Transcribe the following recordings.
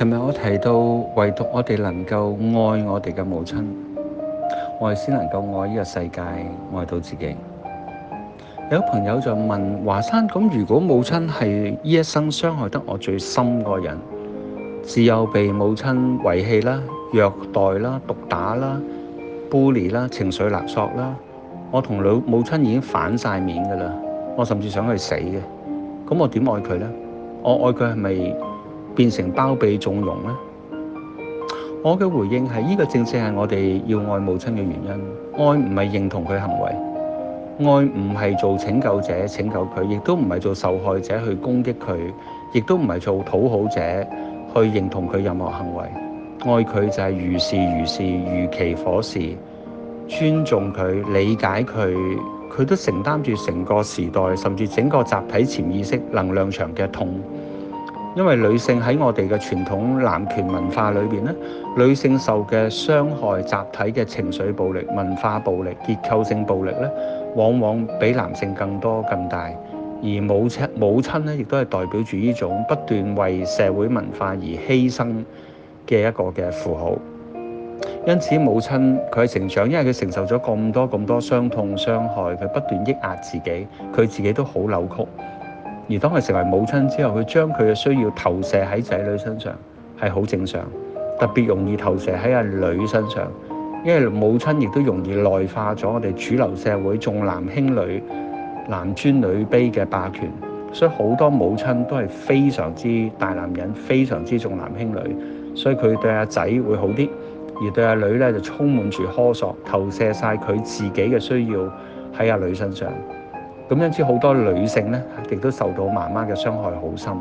琴日我提到，唯獨我哋能夠愛我哋嘅母親，我哋先能夠愛呢個世界，愛到自己。有朋友就問華山：咁如果母親係呢一生傷害得我最深嗰個人，自幼被母親遺棄啦、虐待啦、毒打啦、bully 啦、情緒勒索啦，我同老母親已經反晒面噶啦，我甚至想去死嘅，咁我點愛佢呢？我愛佢係咪，變成包庇縱容咧？我嘅回應係：呢個正正係我哋要愛母親嘅原因。愛唔係認同佢行為，愛唔係做拯救者拯救佢，亦都唔係做受害者去攻擊佢，亦都唔係做討好者去認同佢任何行為。愛佢就係如是如是如其火事，尊重佢、理解佢，佢都承擔住成個時代甚至整個集體潛意識能量場嘅痛。因為女性喺我哋嘅傳統男權文化裏邊咧，女性受嘅傷害、集體嘅情緒暴力、文化暴力、結構性暴力咧，往往比男性更多、更大。而母親、母親咧，亦都係代表住呢種不斷為社會文化而犧牲嘅一個嘅符號。因此，母親佢嘅成長，因為佢承受咗咁多咁多傷痛、傷害，佢不斷抑壓自己，佢自己都好扭曲。而當佢成為母親之後，佢將佢嘅需要投射喺仔女身上係好正常，特別容易投射喺阿女身上，因為母親亦都容易內化咗我哋主流社會重男輕女、男尊女卑嘅霸權，所以好多母親都係非常之大男人，非常之重男輕女，所以佢對阿仔會好啲，而對阿女咧就充滿住苛索，投射晒佢自己嘅需要喺阿女身上。咁樣之好多女性咧，亦都受到媽媽嘅傷害好深。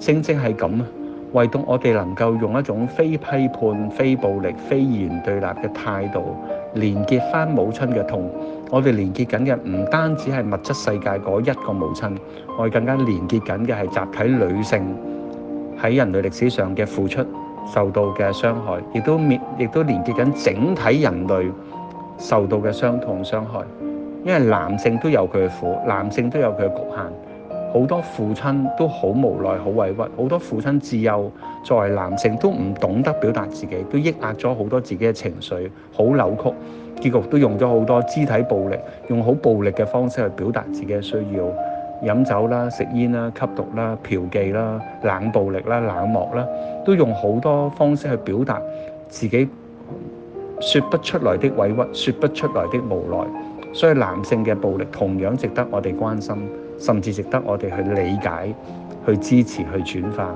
正正係咁啊，唯獨我哋能夠用一種非批判、非暴力、非二元對立嘅態度，連結翻母親嘅痛。我哋連結緊嘅唔單止係物質世界嗰一個母親，我哋更加連結緊嘅係集體女性喺人類歷史上嘅付出、受到嘅傷害，亦都面亦都連結緊整體人類受到嘅傷痛、傷害。因為男性都有佢嘅苦，男性都有佢嘅局限。好多父親都好無奈、好委屈。好多父親自幼作為男性都唔懂得表達自己，都抑壓咗好多自己嘅情緒，好扭曲。結局都用咗好多肢體暴力，用好暴力嘅方式去表達自己嘅需要，飲酒啦、食煙啦、吸毒啦、嫖妓啦、冷暴力啦、冷漠啦，都用好多方式去表達自己說不出來的委屈、說不出來的無奈。所以男性嘅暴力同樣值得我哋關心，甚至值得我哋去理解、去支持、去轉化。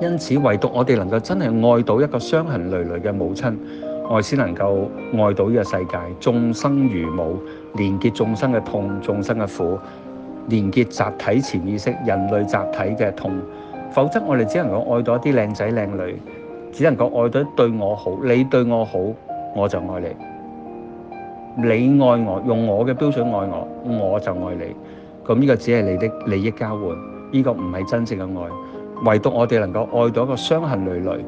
因此，唯獨我哋能夠真係愛到一個傷痕累累嘅母親，愛先能夠愛到呢個世界，眾生如母，連結眾生嘅痛、眾生嘅苦，連結集體潛意識，人類集體嘅痛。否則，我哋只能夠愛到一啲靚仔靚女，只能夠愛到對我好，你對我好，我就愛你。你愛我，用我嘅標準愛我，我就愛你。咁呢個只係你的利益交換，呢個唔係真正嘅愛。唯獨我哋能夠愛到一個傷痕累累、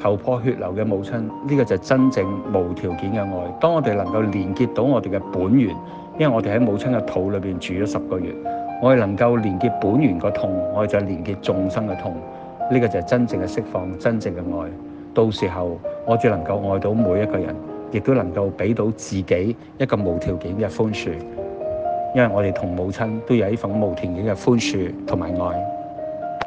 頭破血流嘅母親，呢個就真正無條件嘅愛。當我哋能夠連結到我哋嘅本源，因為我哋喺母親嘅肚裏邊住咗十個月，我哋能夠連結本源個痛，我哋就連結眾生嘅痛。呢個就係真正嘅釋放，真正嘅愛。到時候我最能夠愛到每一個人。亦都能夠俾到自己一個無條件嘅寬恕，因為我哋同母親都有呢份無條件嘅寬恕同埋愛。